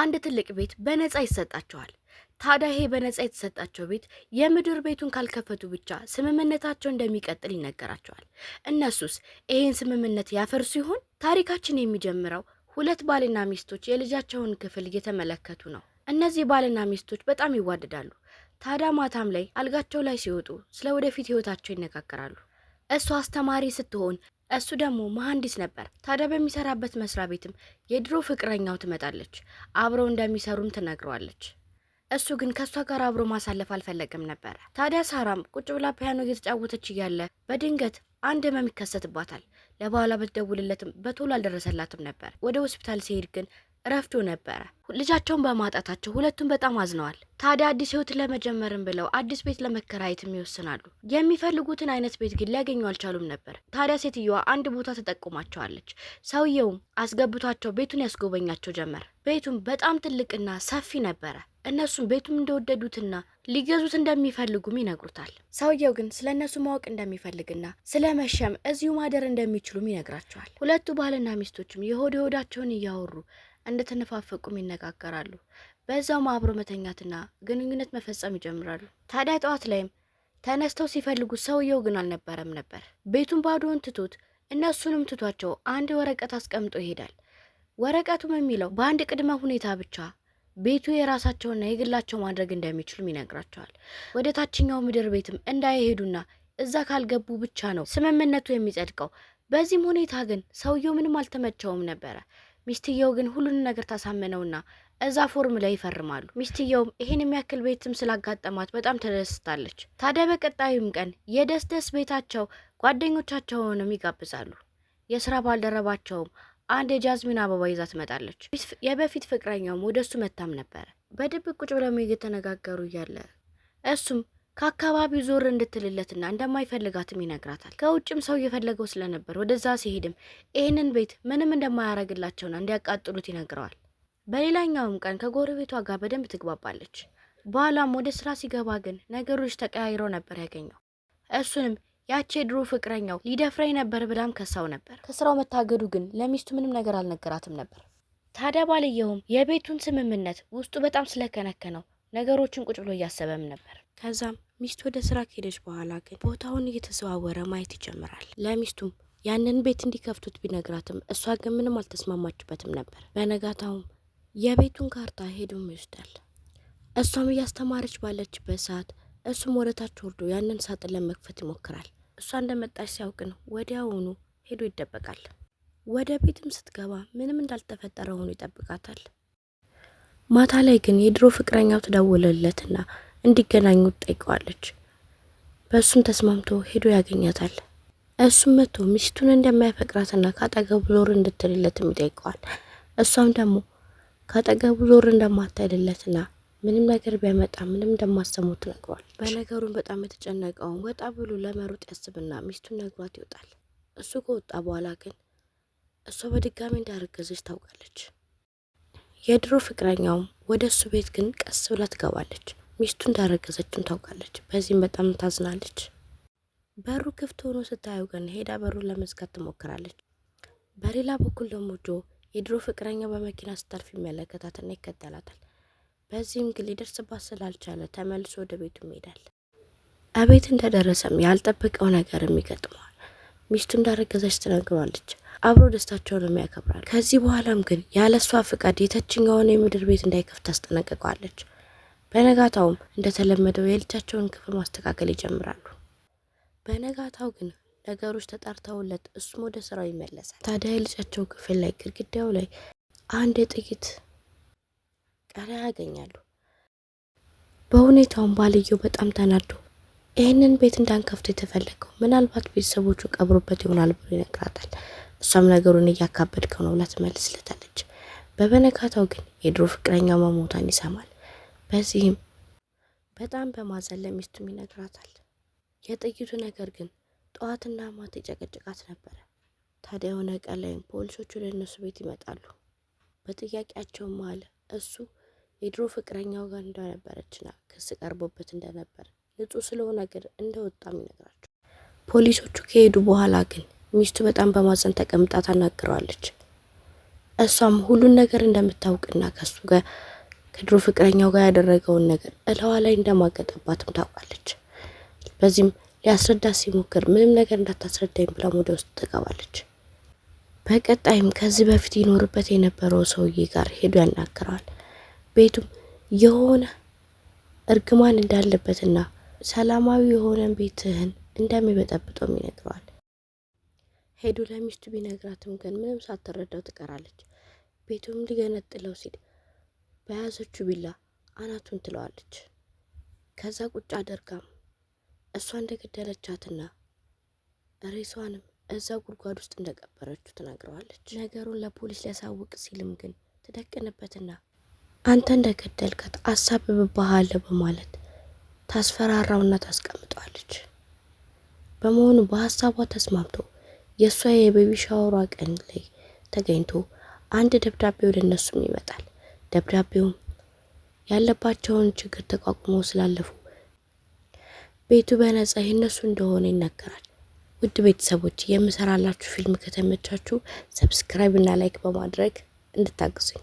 አንድ ትልቅ ቤት በነፃ ይሰጣቸዋል። ታዲያ ይሄ በነፃ የተሰጣቸው ቤት የምድር ቤቱን ካልከፈቱ ብቻ ስምምነታቸው እንደሚቀጥል ይነገራቸዋል። እነሱስ ይህን ስምምነት ያፈርሱ ይሆን? ታሪካችን የሚጀምረው ሁለት ባልና ሚስቶች የልጃቸውን ክፍል እየተመለከቱ ነው። እነዚህ ባልና ሚስቶች በጣም ይዋደዳሉ። ታዲያ ማታም ላይ አልጋቸው ላይ ሲወጡ ስለ ወደፊት ህይወታቸው ይነጋገራሉ። እሷ አስተማሪ ስትሆን እሱ ደግሞ መሐንዲስ ነበር። ታዲያ በሚሰራበት መስሪያ ቤትም የድሮ ፍቅረኛው ትመጣለች። አብረው እንደሚሰሩም ትነግረዋለች። እሱ ግን ከእሷ ጋር አብሮ ማሳለፍ አልፈለገም ነበረ። ታዲያ ሳራም ቁጭ ብላ ፒያኖ እየተጫወተች እያለ በድንገት አንድ ህመም ይከሰትባታል። ለባሏ ብትደውልለትም በቶሎ አልደረሰላትም ነበር። ወደ ሆስፒታል ሲሄድ ግን ረፍዶ ነበረ። ልጃቸውን በማጣታቸው ሁለቱም በጣም አዝነዋል። ታዲያ አዲስ ህይወት ለመጀመርም ብለው አዲስ ቤት ለመከራየትም ይወስናሉ። የሚፈልጉትን አይነት ቤት ግን ሊያገኙ አልቻሉም ነበር። ታዲያ ሴትዮዋ አንድ ቦታ ተጠቁማቸዋለች። ሰውየውም አስገብቷቸው ቤቱን ያስጎበኛቸው ጀመር። ቤቱም በጣም ትልቅና ሰፊ ነበረ። እነሱም ቤቱም እንደወደዱትና ሊገዙት እንደሚፈልጉም ይነግሩታል። ሰውየው ግን ስለ እነሱ ማወቅ እንደሚፈልግና ስለ መሸም እዚሁ ማደር እንደሚችሉም ይነግራቸዋል። ሁለቱ ባልና ሚስቶችም የሆድ ሆዳቸውን እያወሩ እንደተነፋፈቁም ይነጋገራሉ። በዛውም አብሮ መተኛትና ግንኙነት መፈጸም ይጀምራሉ። ታዲያ ጠዋት ላይም ተነስተው ሲፈልጉት ሰውየው ግን አልነበረም ነበር። ቤቱን ባዶውን ትቶት እነሱንም ትቷቸው አንድ ወረቀት አስቀምጦ ይሄዳል። ወረቀቱም የሚለው በአንድ ቅድመ ሁኔታ ብቻ ቤቱ የራሳቸውና የግላቸው ማድረግ እንደሚችሉም ይነግራቸዋል። ወደ ታችኛው ምድር ቤትም እንዳይሄዱና እዛ ካልገቡ ብቻ ነው ስምምነቱ የሚጸድቀው። በዚህም ሁኔታ ግን ሰውየው ምንም አልተመቸውም ነበረ። ሚስትየው ግን ሁሉንም ነገር ታሳመነውና እዛ ፎርም ላይ ይፈርማሉ። ሚስትየውም ይሄን የሚያክል ቤትም ስላጋጠማት በጣም ተደስታለች። ታዲያ በቀጣዩም ቀን የደስደስ ቤታቸው ጓደኞቻቸውንም ይጋብዛሉ። የስራ ባልደረባቸውም አንድ የጃዝሚን አበባ ይዛ ትመጣለች። የበፊት ፍቅረኛውም ወደ እሱ መታም ነበረ። በድብቅ ቁጭ ብለው እየተነጋገሩ እያለ እሱም ከአካባቢው ዞር እንድትልለትና እንደማይፈልጋትም ይነግራታል። ከውጭም ሰው እየፈለገው ስለነበር ወደዛ ሲሄድም ይህንን ቤት ምንም እንደማያረግላቸውና እንዲያቃጥሉት ይነግረዋል። በሌላኛውም ቀን ከጎረቤቷ ጋር በደንብ ትግባባለች። በኋላም ወደ ስራ ሲገባ ግን ነገሮች ተቀያይረው ነበር ያገኘው። እሱንም ያቺ የድሮ ፍቅረኛው ሊደፍረኝ ነበር ብላም ከሳው ነበር። ከስራው መታገዱ ግን ለሚስቱ ምንም ነገር አልነገራትም ነበር። ታዲያ ባልየውም የቤቱን ስምምነት ውስጡ በጣም ስለከነከነው ነገሮችን ቁጭ ብሎ እያሰበም ነበር። ከዛም ሚስቱ ወደ ስራ ከሄደች በኋላ ግን ቦታውን እየተዘዋወረ ማየት ይጀምራል። ለሚስቱም ያንን ቤት እንዲከፍቱት ቢነግራትም እሷ ግን ምንም አልተስማማችበትም ነበር። በነጋታውም የቤቱን ካርታ ሄዱም ይወስዳል። እሷም እያስተማረች ባለችበት ሰዓት እሱም ወደታች ወርዶ ያንን ሳጥን ለመክፈት ይሞክራል። እሷ እንደመጣች ሲያውቅን ወዲያውኑ ሄዶ ይደበቃል። ወደ ቤትም ስትገባ ምንም እንዳልተፈጠረ ሆኖ ይጠብቃታል። ማታ ላይ ግን የድሮ ፍቅረኛው ትደውልለትና እንዲገናኙ ጠይቀዋለች። በእሱም ተስማምቶ ሄዶ ያገኛታል። እሱም መጥቶ ሚስቱን እንደማይፈቅራትና ከአጠገቡ ዞር እንድትልለትም ይጠይቀዋል። እሷም ደግሞ ከአጠገቡ ዞር እንደማታይልለትና ምንም ነገር ቢያመጣ ምንም እንደማሰሙት ነግሯል። በነገሩን በጣም የተጨነቀውን ወጣ ብሎ ለመሮጥ ያስብና ሚስቱን ነግሯት ይወጣል። እሱ ከወጣ በኋላ ግን እሷ በድጋሚ እንዳረገዘች ታውቃለች። የድሮ ፍቅረኛውም ወደ እሱ ቤት ግን ቀስ ብላ ትገባለች። ሚስቱ እንዳረገዘችም ታውቃለች። በዚህም በጣም ታዝናለች። በሩ ክፍት ሆኖ ስታየው ግን ሄዳ በሩን ለመዝጋት ትሞክራለች። በሌላ በኩል ደግሞ ጆ የድሮ ፍቅረኛ በመኪና ስታልፍ ይመለከታትና ይከተላታል። በዚህም ግን ሊደርስባት ስላልቻለ ተመልሶ ወደ ቤቱ ይሄዳል። አቤት እንደደረሰም ያልጠበቀው ነገርም ይገጥመዋል። ሚስቱ እንዳረገዘች ትነግሯለች። አብሮ ደስታቸውንም ያከብራል። ከዚህ በኋላም ግን ያለሷ ፍቃድ የተችኛውን የምድር ቤት እንዳይከፍት ታስጠነቅቀዋለች። በነጋታውም እንደተለመደው የልጃቸውን ክፍል ማስተካከል ይጀምራሉ። በነጋታው ግን ነገሮች ተጣርተውለት እሱም ወደ ስራው ይመለሳል። ታዲያ የልጃቸው ክፍል ላይ ግድግዳው ላይ አንድ የጥይት ቀላ ያገኛሉ። በሁኔታውም ባልየው በጣም ተናዶ ይህንን ቤት እንዳንከፍቶ የተፈለገው ምናልባት ቤተሰቦቹ ቀብሮበት ይሆናል ብሎ ይነግራታል። እሷም ነገሩን እያካበድከው ነው ብላ ትመልስለታለች። በበነጋታው ግን የድሮ ፍቅረኛ መሞቷን ይሰማል። በዚህም በጣም በማዘን ለሚስቱም ይነግራታል። የጥይቱ ነገር ግን ጠዋትና ማታ ጨቀጭቃት ነበረ። ታዲያ የሆነ ቀን ላይም ፖሊሶቹ ወደ እነሱ ቤት ይመጣሉ። በጥያቄያቸውም መሀል እሱ የድሮ ፍቅረኛው ጋር እንደነበረችና ክስ ቀርቦበት እንደነበረ ንጹሕ ስለሆነ ግን እንደወጣም ይነግራቸው። ፖሊሶቹ ከሄዱ በኋላ ግን ሚስቱ በጣም በማዘን ተቀምጣ ታናግረዋለች። እሷም ሁሉን ነገር እንደምታውቅና ከሱ ጋር ከድሮ ፍቅረኛው ጋር ያደረገውን ነገር እለዋ ላይ እንደማገጠባትም ታውቃለች። በዚህም ሊያስረዳት ሲሞክር ምንም ነገር እንዳታስረዳኝ ብላም ወደ ውስጥ ትገባለች። በቀጣይም ከዚህ በፊት ይኖርበት የነበረው ሰውዬ ጋር ሄዱ ያናግረዋል። ቤቱም የሆነ እርግማን እንዳለበትና ሰላማዊ የሆነ ቤትህን እንደሚበጠብጠውም ይነግረዋል። ሄዱ ለሚስቱ ቢነግራትም ግን ምንም ሳትረዳው ትቀራለች። ቤቱም ሊገነጥለው ሲል በያዘችው ቢላ አናቱን ትለዋለች። ከዛ ቁጭ አደርጋም እሷ እንደገደለቻትና ሬሷንም እዛ ጉድጓድ ውስጥ እንደቀበረችው ትነግረዋለች። ነገሩን ለፖሊስ ሊያሳውቅ ሲልም ግን ትደቅንበትና አንተ እንደገደልከት አሳብብብሃለሁ በማለት ታስፈራራውና ታስቀምጠዋለች። በመሆኑ በሀሳቧ ተስማምቶ የእሷ የቤቢ ሻወሯ ቀን ላይ ተገኝቶ አንድ ደብዳቤ ወደ እነሱም ይመጣል። ደብዳቤውም ያለባቸውን ችግር ተቋቁመው ስላለፉ ቤቱ በነጻ የነሱ እንደሆነ ይነገራል። ውድ ቤተሰቦች የምሰራላችሁ ፊልም ከተመቻችሁ ሰብስክራይብ እና ላይክ በማድረግ እንድታግዙኝ